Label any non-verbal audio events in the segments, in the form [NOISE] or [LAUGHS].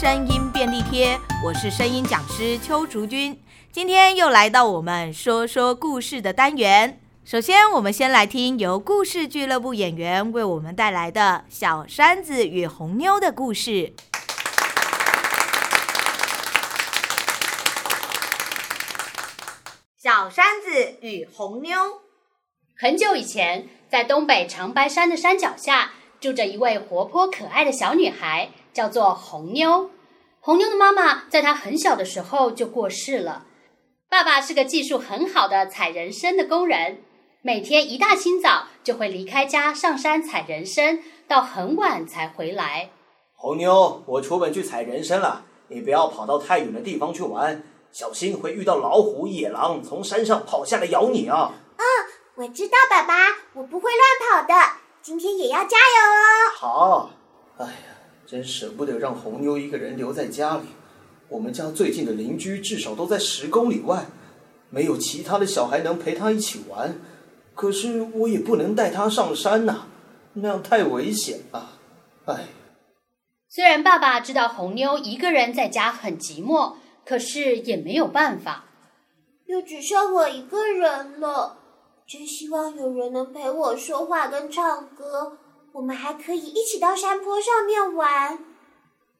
聲音便利貼，我是聲音講師邱竹君，今天又來到我們說說故事的單元。首先，我們先來聽由故事俱樂部演員為我們帶來的《小山子與紅妞》的故事。小山子與紅妞。很久以前，在東北長白山的山腳下，住着一位活潑可愛的小女孩。叫做紅妞，紅妞的媽媽在她很小的時候就過世了，爸爸是個技術很好的採人參的工人，每天一大清早就會離開家上山採人參，到很晚才回來。紅妞，我出門去採人參了，你不要跑到太遠的地方去玩，小心會遇到老虎、野狼從山上跑下來咬你啊！嗯，我知道爸爸，我不會亂跑的，今天也要加油哦！好，哎呀。真捨不得讓紅妞一個人留在家裡，我們家最近的鄰居至少都在十公里外，沒有其他的小孩能陪她一起玩，可是我也不能帶她上山吶，那樣太危險了，唉。雖然爸爸知道紅妞一個人在家很寂寞，可是也沒有辦法，又只剩我一個人了，真希望有人能陪我說話跟唱歌。我們還可以一起到山坡上面玩。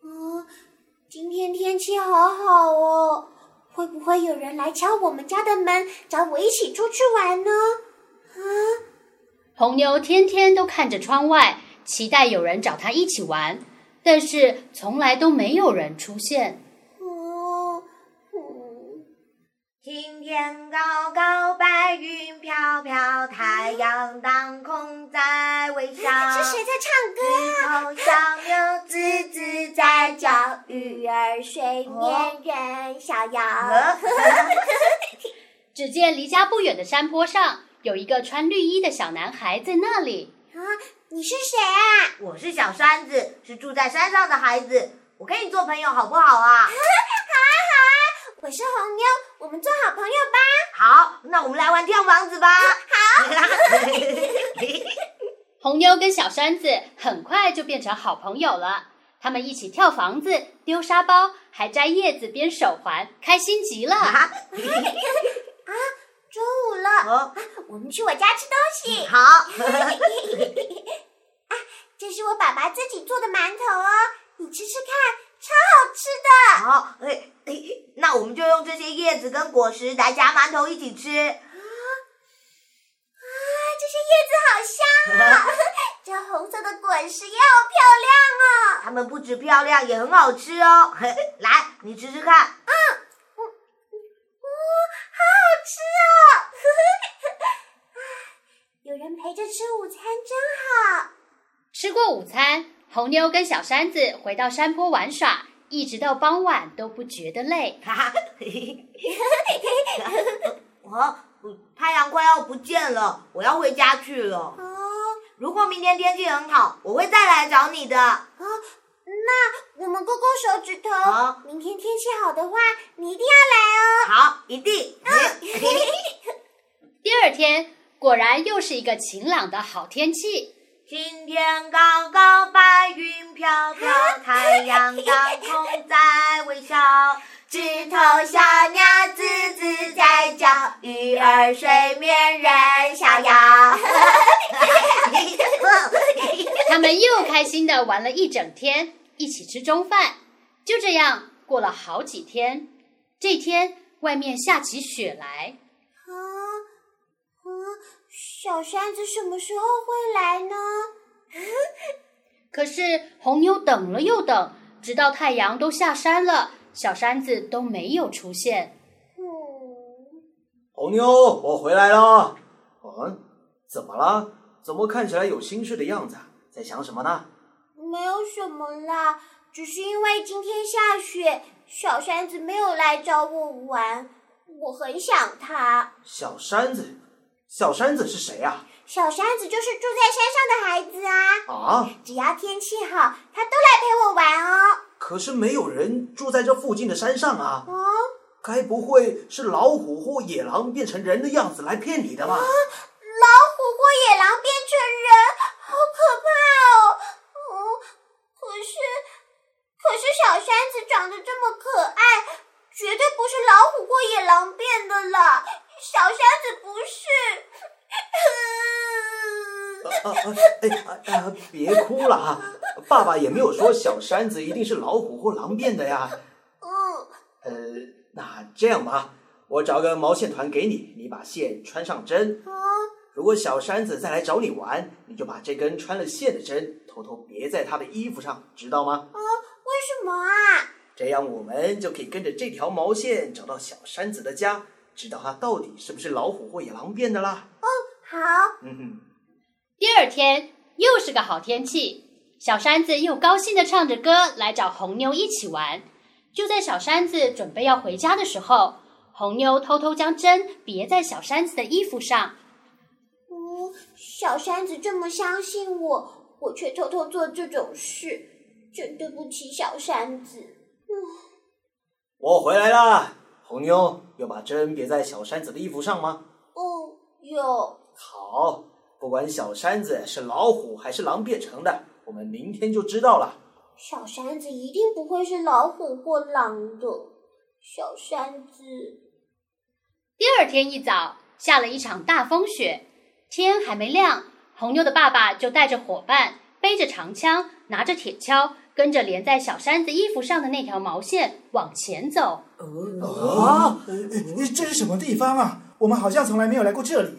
嗯，今天天氣好好哦，會不會有人來敲我們家的門，找我一起出去玩呢？啊、嗯，紅妞天天都看着窗外，期待有人找她一起玩，但是從來都沒有人出現。嗯嗯，藍、嗯、天高高，白雲飄飄，太陽當空。微笑是誰在唱歌啊？小牛吱吱在叫，魚兒水面任逍遙。哦、 [LAUGHS] 只見離家不遠的山坡上，有一個穿綠衣的小男孩在那裡。啊、哦，你是誰啊？我是小山子，是住在山上的孩子。我跟你做朋友好不好啊？好啊好啊！我是紅妞，我們做好朋友吧。好，那我們來玩跳房子吧。好。 [LAUGHS] 紅妞跟小山子很快就變成好朋友了，他們一起跳房子、丟沙包，還摘葉子編手環，開心極了。啊， [LAUGHS] 啊，中午了，哦啊，我們去我家吃東西。你好， [LAUGHS] 啊，這是我爸爸自己做的饅頭哦，你吃吃看，超好吃的。好，哎哎，那我們就用這些葉子跟果實來夾饅頭一起吃。葉子好香啊！這紅色的果實也好漂亮哦、啊。它們不止漂亮，也很好吃哦。 [LAUGHS] 來，你吃吃看。嗯，哦，好、哦、好吃哦、啊 [LAUGHS] 啊！有人陪着吃午餐真好。吃過午餐，紅妞跟小山子回到山坡玩耍，一直到傍晚都不覺得累。哈哈，嘿嘿嘿嘿嘿嘿，太陽快要不見了，我要回家去了。哦，如果明天天氣很好，我會再來找你的。哦，那我們勾勾手指頭，哦，明天天氣好的話，你一定要來哦。好，一定。嗯， [LAUGHS] 第二天果然又是一個晴朗的好天氣。晴天高高，白雲飄飄，太陽當空在微笑。枝頭小鳥吱吱，在叫，魚兒水面任逍遙。 [LAUGHS] 他們又開心地玩了一整天，一起吃中飯。就這樣過了好幾天，這天外面下起雪來。啊啊，小山子什麼時候會來呢？可是紅妞等了又等，直到太陽都下山了。小山子都沒有出現。哦。紅妞，我回來了。嗯？怎麼了？怎麼看起來有心事的樣子啊？在想什麼呢？沒有什麼啦，只是因為今天下雪，小山子沒有來找我玩，我很想他。小山子？小山子是誰啊？小山子就是住在山上的孩子啊。啊？只要天氣好，他都來陪我玩哦。可是沒有人住在這附近的山上啊！啊該不會是老虎或野狼變成人的樣子來騙你的吧？啊？老虎或野狼變成人，好可怕哦，哦！可是，可是小山子長得這麼可愛，絕對不是老虎或野狼變的了。小山子不是。 [LAUGHS] 啊啊、哎、啊、別哭了啊！ [LAUGHS] 爸爸也沒有說小山子一定是老虎或狼變的呀。嗯。呃，那這樣吧，我找個毛線團給你，你把線穿上針。啊。如果小山子再來找你玩，你就把這根穿了線的針偷偷別在他的衣服上，知道嗎？哦，為什麼啊？這樣我們就可以跟着這條毛線找到小山子的家，知道他到底是不是老虎或野狼變的啦。哦，好。嗯哼。第二天又是個好天氣。小山子又高興地唱着歌來找紅妞一起玩。就在小山子準備要回家的時候，紅妞偷偷將針別在小山子的衣服上。嗯，小山子這麼相信我，我卻偷偷做這種事，真對不起小山子。唔、嗯，我回來了，紅妞又把針別在小山子的衣服上嗎？哦、嗯，有。好，不管小山子是老虎還是狼變成的。我們明天就知道了。小山子一定不會是老虎或狼的。小山子。第二天一早下了一場大風雪，天還沒亮，紅妞的爸爸就帶着夥伴，背着長槍，拿着鐵鍬，跟着連在小山子衣服上的那條毛線往前走。嗯、哦，這是什麼地方啊？我們好像從來沒有來過這裡。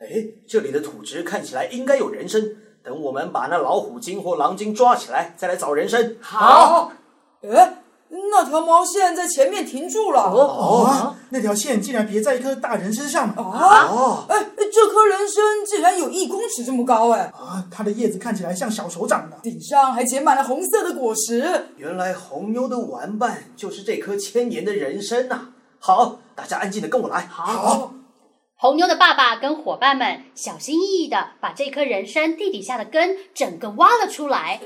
哎，這裡的土質看起來應該有人參。等我們把那老虎精或狼精抓起來，再來找人參。好。哎，那條毛線在前面停住了。哦，哦啊、那條線竟然別在一顆大人參上。啊！哦、哎，這顆人參竟然有一公尺這麼高！哎，啊、哦，它的葉子看起來像小手掌的，頂上還結滿了紅色的果實。原來紅妞的玩伴就是這顆千年的人參吶、啊！好，大家安靜的跟我來。好。好紅妞的爸爸跟夥伴們小心翼翼的把這棵人參地底下的根整個挖了出來。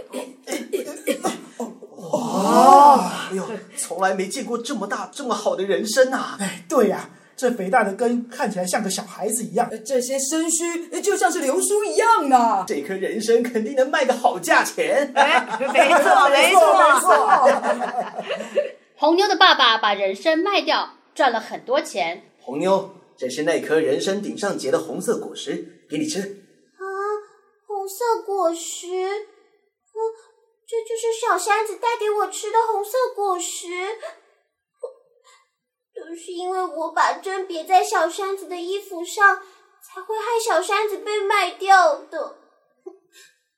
哇、哦，哎呦，從來沒見過這麼大、這麼好的人參吶、啊！哎，對呀、啊，這肥大的根看起來像個小孩子一樣，這些參鬚就像是流蘇一樣啊。這棵人參肯定能賣個好價錢、哎。沒錯，沒錯，沒錯。紅妞的爸爸把人參賣掉，賺了很多錢。紅妞。這是那顆人參頂上結的紅色果實，給你吃。啊，紅色果實，不，啊，這就是小山子帶給我吃的紅色果實。都是因為我把針別在小山子的衣服上，才會害小山子被賣掉的。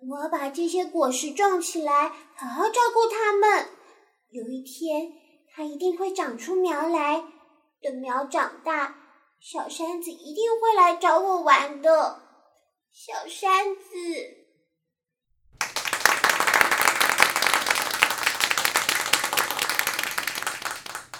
我把這些果實種起來，好好照顧它們。有一天，它一定會長出苗來，等苗長大。小山子一定會來找我玩的，小山子。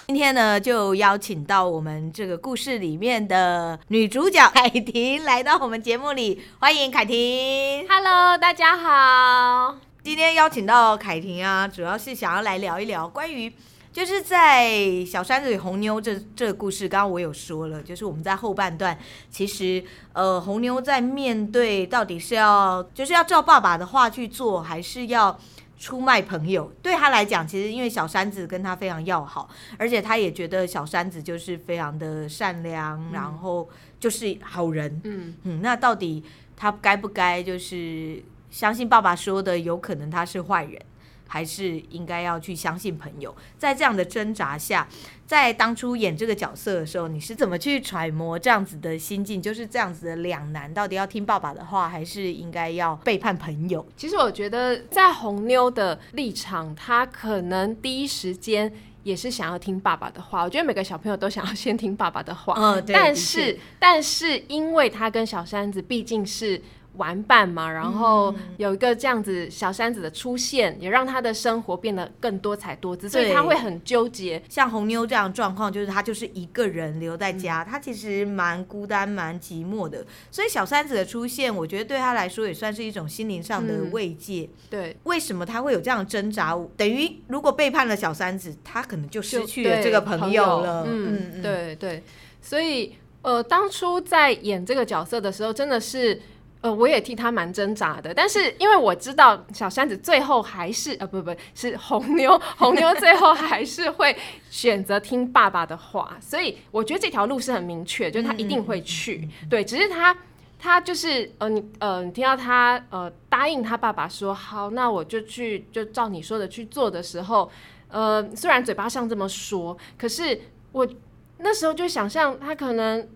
今天呢，就邀請到我們這個故事裡面的女主角凱婷來到我們節目裡，歡迎凱婷。Hello，大家好。今天邀請到凱婷啊，主要是想要來聊一聊關於。就是在小山子與紅妞這這個故事，剛剛我有說了，就是我們在後半段，其實呃紅妞在面對到底是要就是要照爸爸的話去做，還是要出賣朋友？對他來講，其實因為小山子跟他非常要好，而且他也覺得小山子就是非常的善良，嗯、然後就是好人。嗯嗯，那到底他該不該就是相信爸爸說的？有可能他是壞人？還是應該要去相信朋友。在這樣的掙扎下，在當初演這個角色的時候，你是怎麼去揣摩這樣子的心境？就是這樣子的兩難，到底要聽爸爸的話，還是應該要背叛朋友？其實我覺得，在紅妞的立場，她可能第一時間也是想要聽爸爸的話。我覺得每個小朋友都想要先聽爸爸的話，嗯，對但是，對確但是，因為她跟小山子畢竟是。玩伴嘛，然後有一個這樣子小山子的出現，嗯、也讓他的生活變得更多彩多姿，對所以他會很糾結。像紅妞這樣的狀況，就是他就是一個人留在家，嗯、他其實蠻孤單、蠻寂寞的。所以小山子的出現，我覺得對他來說也算是一種心靈上的慰藉。嗯、對，為什麼他會有這樣掙扎？等於如果背叛了小山子，他可能就失去了這個朋友了。對，朋友，嗯，嗯嗯對對。所以，呃，當初在演這個角色的時候，真的是。呃，我也替他蠻掙扎的，但是因為我知道小山子最後還是呃不不，不是紅妞，紅妞最後還是會選擇聽爸爸的話， [LAUGHS] 所以我覺得這條路是很明確，就是他一定會去。 [LAUGHS] 對，只是他他就是呃你呃你聽到他呃答應他爸爸說好，那我就去就照你說的去做的時候，呃雖然嘴巴上這麼說，可是我那時候就想象他可能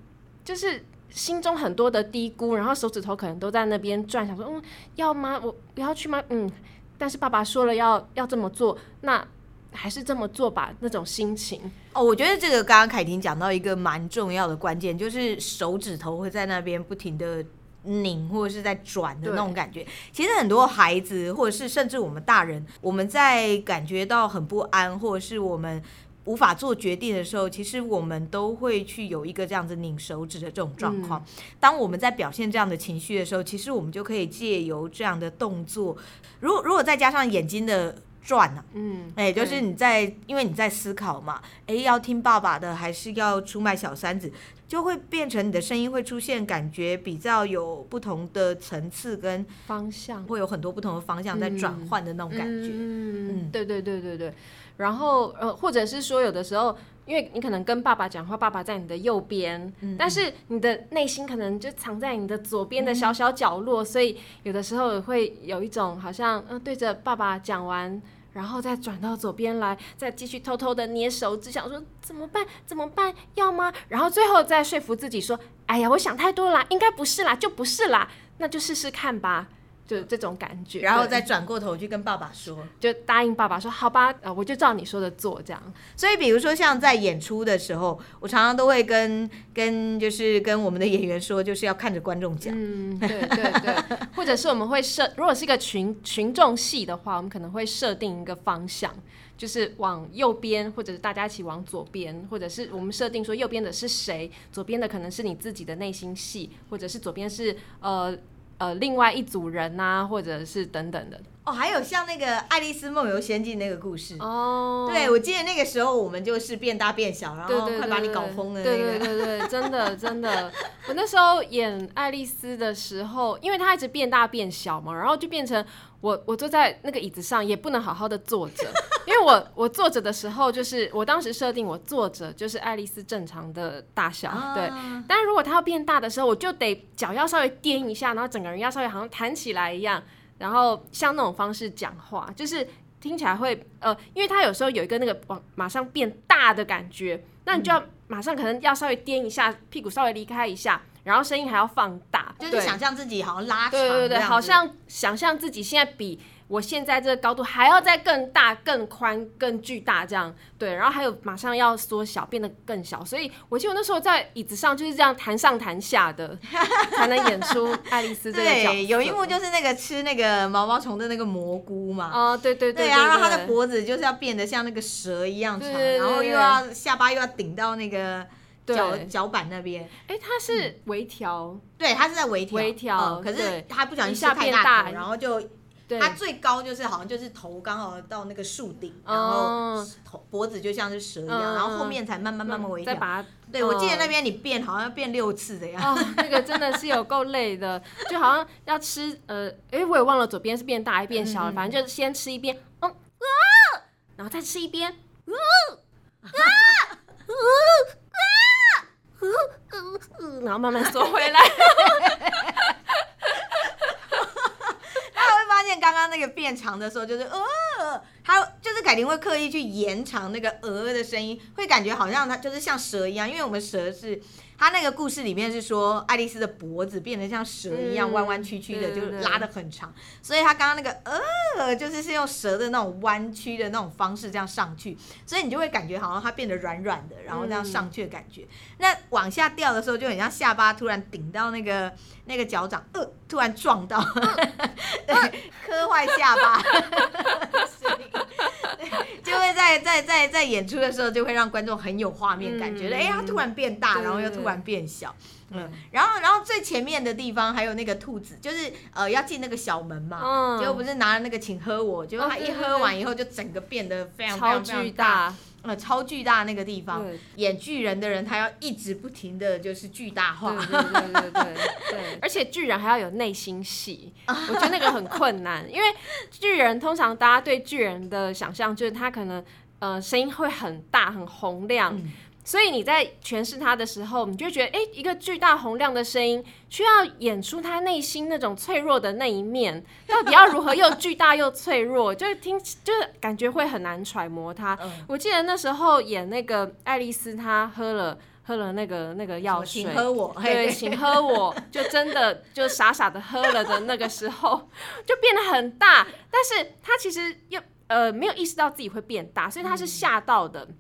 就是。心中很多的低估，然後手指頭可能都在那邊轉，想說，嗯，要嗎？我不要去嗎？嗯，但是爸爸說了要要這麼做，那還是這麼做吧。那種心情哦，我覺得這個剛剛凱婷講到一個蠻重要的關鍵，就是手指頭會在那邊不停的擰或者是在轉的那種感覺。對其實很多孩子，或者是甚至我們大人，我們在感覺到很不安，或者是我們。無法做決定的時候，其實我們都會去有一個這樣子擰手指的這種狀況。嗯、當我們在表現這樣的情緒的時候，其實我們就可以借由這樣的動作，如果如果再加上眼睛的轉呢、啊，嗯，哎、欸，就是你在，對因為你在思考嘛，哎，要聽爸爸的，還是要出賣小山子，嗯、就會變成你的聲音會出現感覺比較有不同的層次跟方向，會有很多不同的方向在轉換的那種感覺。嗯，嗯嗯對對對對對。然後，呃，或者是說，有的時候，因為你可能跟爸爸講話，爸爸在你的右邊，嗯嗯。但是你的內心可能就藏在你的左邊的小小角落，嗯嗯。所以有的時候會有一種好像，嗯、呃，對着爸爸講完，然後再轉到左邊來，再繼續偷偷的捏手指，想說怎麼辦？怎麼辦？要嗎？然後最後再說服自己說，哎呀，我想太多啦，應該不是啦，就不是啦，那就試試看吧。就這種感覺，然後再轉過頭去跟爸爸說，就答應爸爸說，好吧，呃，我就照你說的做這樣。所以，比如說像在演出的時候，我常常都會跟跟就是跟我們的演員說，就是要看着觀眾講。嗯，對對對。 [LAUGHS] 或者是我們會設，如果是一個群群眾戲的話，我們可能會設定一個方向，就是往右邊，或者是大家一起往左邊，或者是我們設定說右邊的是誰，左邊的可能是你自己的內心戲，或者是左邊是呃。呃，另外一組人吶、啊，或者是等等的哦，還有像那個《愛麗絲夢遊仙境》那個故事哦，oh, 對，我記得那個時候我們就是變大變小，然後快把你搞瘋了，那個，對，對對對對，真的真的，我那時候演愛麗絲的時候，因為她一直變大變小嘛，然後就變成我我坐在那個椅子上也不能好好的坐着。 [LAUGHS] 因為我我坐着的時候，就是我當時設定我坐着就是愛麗絲正常的大小，對。但如果她要變大的時候，我就得腳要稍微踮一下，然後整個人要稍微好像彈起來一樣，然後像那種方式講話，就是聽起來會呃，因為他有時候有一個那個往馬上變大的感覺，那你就要馬上可能要稍微踮一下，屁股稍微離開一下，然後聲音還要放大。就是想象自己好像拉扯，對，對對對，好像想象自己現在比我現在這個高度還要再更大、更寬、更巨大這樣。對，然後還有馬上要縮小，變得更小。所以我記得我那時候在椅子上就是這樣彈上彈下的，才能演出愛麗絲。 [LAUGHS] 對，有一幕就是那個吃那個毛毛蟲的那個蘑菇嘛。哦，對對對，對。對啊，然後他的脖子就是要變得像那個蛇一樣長，對對對對，然後又要下巴又要頂到那個。腳腳板那邊，欸，它是微調，對，它是在微調，微調。可是它不小心下太大，然後就，它最高就是好像就是頭剛好到那個樹頂，然後頭脖子就像是蛇一樣，然後後面才慢慢慢慢微調。再把它，對，我記得那邊你變好像要變六次的樣子，那個真的是有夠累的，就好像要吃，呃，欸，我也忘了左邊是變大還是變小了，反正就是先吃一邊，嗯，然後再吃一邊，啊，嗯嗯嗯嗯、然後慢慢縮回來，大家 [LAUGHS] [LAUGHS] 會發現剛剛那個變長的時候就是呃。哦他就是凱婷會刻意去延長那個“呃”的聲音，會感覺好像他就是像蛇一樣，因為我們蛇是，他那個故事裡面是說愛麗絲的脖子變得像蛇一樣彎彎曲曲的，嗯、就拉得很長，嗯、所以他剛剛那個“呃”就是是用蛇的那種彎曲的那種方式這樣上去，所以你就會感覺好像它變得軟軟的，然後這樣上去的感覺。嗯、那往下掉的時候就很像下巴突然頂到那個那個腳掌，呃，突然撞到， [LAUGHS] [LAUGHS] 對，磕壞下巴。 [LAUGHS] [LAUGHS] [LAUGHS] 就會在在在在演出的時候，就會讓觀眾很有畫面感覺得哎，呀、嗯欸、他突然變大，對 然後又突然變小。嗯，然後，然後最前面的地方還有那個兔子，就是呃要進那個小門嘛。嗯。結果不是拿了那個請喝我，結果他一喝完以後，就整個變得非常非常，非常大。超巨大。呃，超巨大那個地方，對演巨人的人他要一直不停的就是巨大化。對對對對。對對對對對，而且巨人還要有內心戲， [LAUGHS] 我覺得那個很困難，因為巨人通常大家對巨人的想象就是他可能呃聲音會很大很洪亮。嗯所以你在詮釋他的時候，你就覺得，哎、欸，一個巨大洪亮的聲音，需要演出他內心那種脆弱的那一面，到底要如何又巨大又脆弱， [LAUGHS] 就聽就感覺會很難揣摩他。嗯、我記得那時候演那個愛麗絲，她喝了喝了那個那個藥水，請喝我，對嘿，請喝我，就真的就傻傻的喝了的那個時候，就變得很大，但是他其實又呃沒有意識到自己會變大，所以他是嚇到的。嗯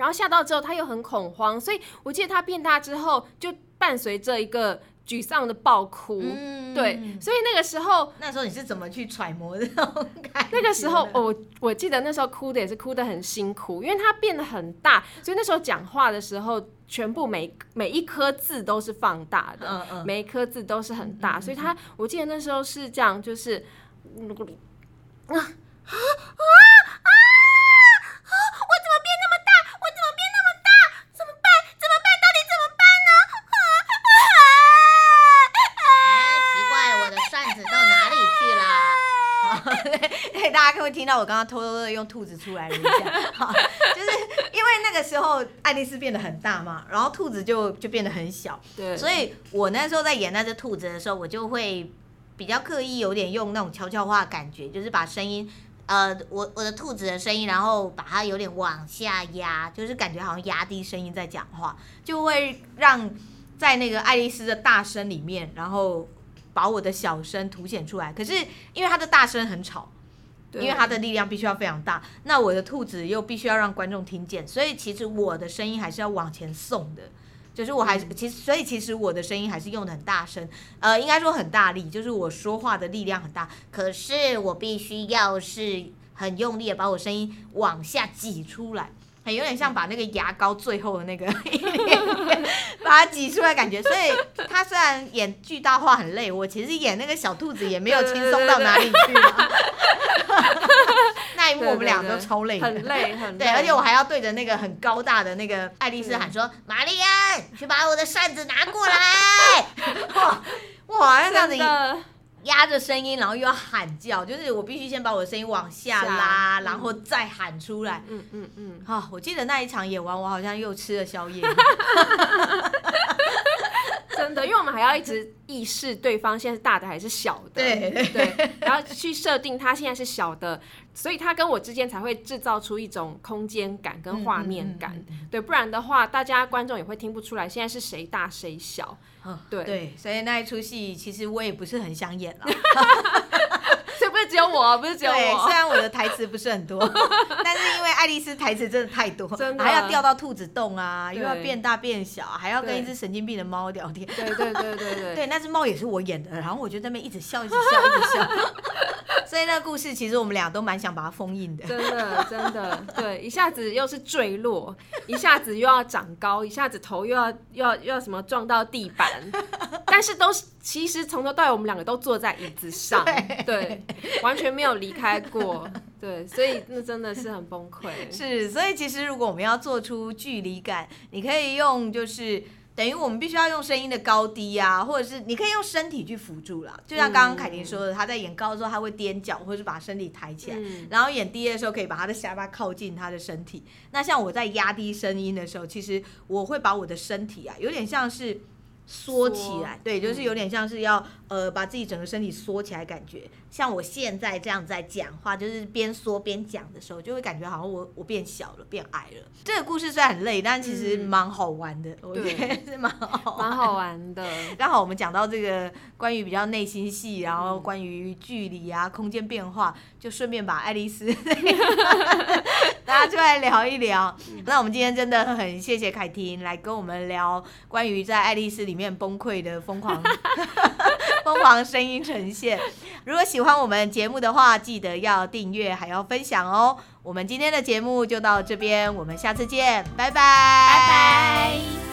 然後嚇到之後，他又很恐慌，所以我記得他變大之後，就伴隨着一個沮喪的爆哭，嗯、對，所以那個時候，那時候你是怎麼去揣摩的？那個時候我，我我記得那時候哭的也是哭得很辛苦，因為他變得很大，所以那時候講話的時候，全部每每一顆字都是放大的，嗯嗯、每一顆字都是很大，嗯嗯嗯嗯、所以他我記得那時候是這樣，就是、啊那我剛剛偷偷的用兔子出來了一下， [LAUGHS] 就是因為那個時候愛麗絲變得很大嘛，然後兔子就就變得很小。對，所以我那時候在演那隻兔子的時候，我就會比較刻意有點用那種悄悄話感覺，就是把聲音呃，我我的兔子的聲音，然後把它有點往下壓，就是感覺好像壓低聲音在講話，就會讓在那個愛麗絲的大聲裡面，然後把我的小聲凸顯出來。可是因為她的大聲很吵。對因為他的力量必須要非常大，那我的兔子又必須要讓觀眾聽見，所以其實我的聲音還是要往前送的，就是我還其實所以其實我的聲音還是用得很大聲，呃，應該說很大力，就是我說話的力量很大，可是我必須要是很用力的把我聲音往下擠出來，很有點像把那個牙膏最後的那個， [LAUGHS] [LAUGHS] 把它擠出來的感覺，所以他雖然演巨大化很累，我其實演那個小兔子也沒有輕鬆到哪裡去。因為我們倆都超累的。對對對，很累，很累。 [LAUGHS] 對，而且我還要對着那個很高大的那個愛麗絲喊說：“瑪麗、嗯、安，去把我的扇子拿過來。”哇 [LAUGHS] 哇，我好這樣子壓着聲音，的然後又要喊叫，就是我必須先把我的聲音往下拉，下然後再喊出來。嗯嗯嗯。好、嗯嗯嗯哦，我記得那一場演完，我好像又吃了宵夜。 [LAUGHS] [LAUGHS] 真的，因為我們還要一直意識對方現在是大的還是小的，對對，然後去設定他現在是小的，所以他跟我之間才會制造出一種空間感跟畫面感，嗯嗯、對，不然的話，大家觀眾也會聽不出來現在是誰大誰小，哦、對對，所以那一出戲其實我也不是很想演了。 [LAUGHS] 教我啊，不是教我、啊對。雖然我的台詞不是很多， [LAUGHS] 但是因為愛麗絲台詞真的太多，真的啊、還要掉到兔子洞啊，又對要變大變小，還要跟一隻神經病的貓聊天。對，對對對對對，對那隻貓也是我演的，然後我就在那邊一直笑，一直笑，一直笑。 [LAUGHS] 所以那個故事其實我們倆都蠻想把它封印的，真的真的，對，一下子又是墜落，一下子又要長高，一下子頭又要又要又要什麼撞到地板，但是都是其實從頭到尾我們兩個都坐在椅子上，對，對，完全沒有離開過，對，所以那真的是很崩潰。是，所以其實如果我們要做出距離感，你可以用就是。等於我們必須要用聲音的高低啊，或者是你可以用身體去輔助了。就像剛剛凱婷說的，她、嗯、在演高的時候，她會踮腳，或者是把身體抬起來；嗯、然後演低的時候，可以把她的下巴靠近她的身體。那像我在壓低聲音的時候，其實我會把我的身體啊，有點像是。縮起來，縮對，就是有點像是要呃把自己整個身體縮起來，感覺、嗯、像我現在這樣在講話，就是邊縮邊講的時候，就會感覺好像我我變小了，變矮了。這個故事雖然很累，但其實蠻好玩的，嗯、我覺得是蠻蠻好玩的。剛對好我們講到這個關於比較內心戲，然後關於距離啊、空間變化，嗯、就順便把愛麗絲 [LAUGHS] [LAUGHS] [LAUGHS] 大家出來聊一聊。嗯、那我們今天真的很謝謝凱婷來跟我們聊關於在愛麗絲裡面。面崩潰的瘋狂， [LAUGHS] 瘋狂聲音呈現。如果喜歡我們節目的話，記得要訂閱，還要分享哦。我們今天的節目就到這邊，我們下次見，拜拜，拜拜。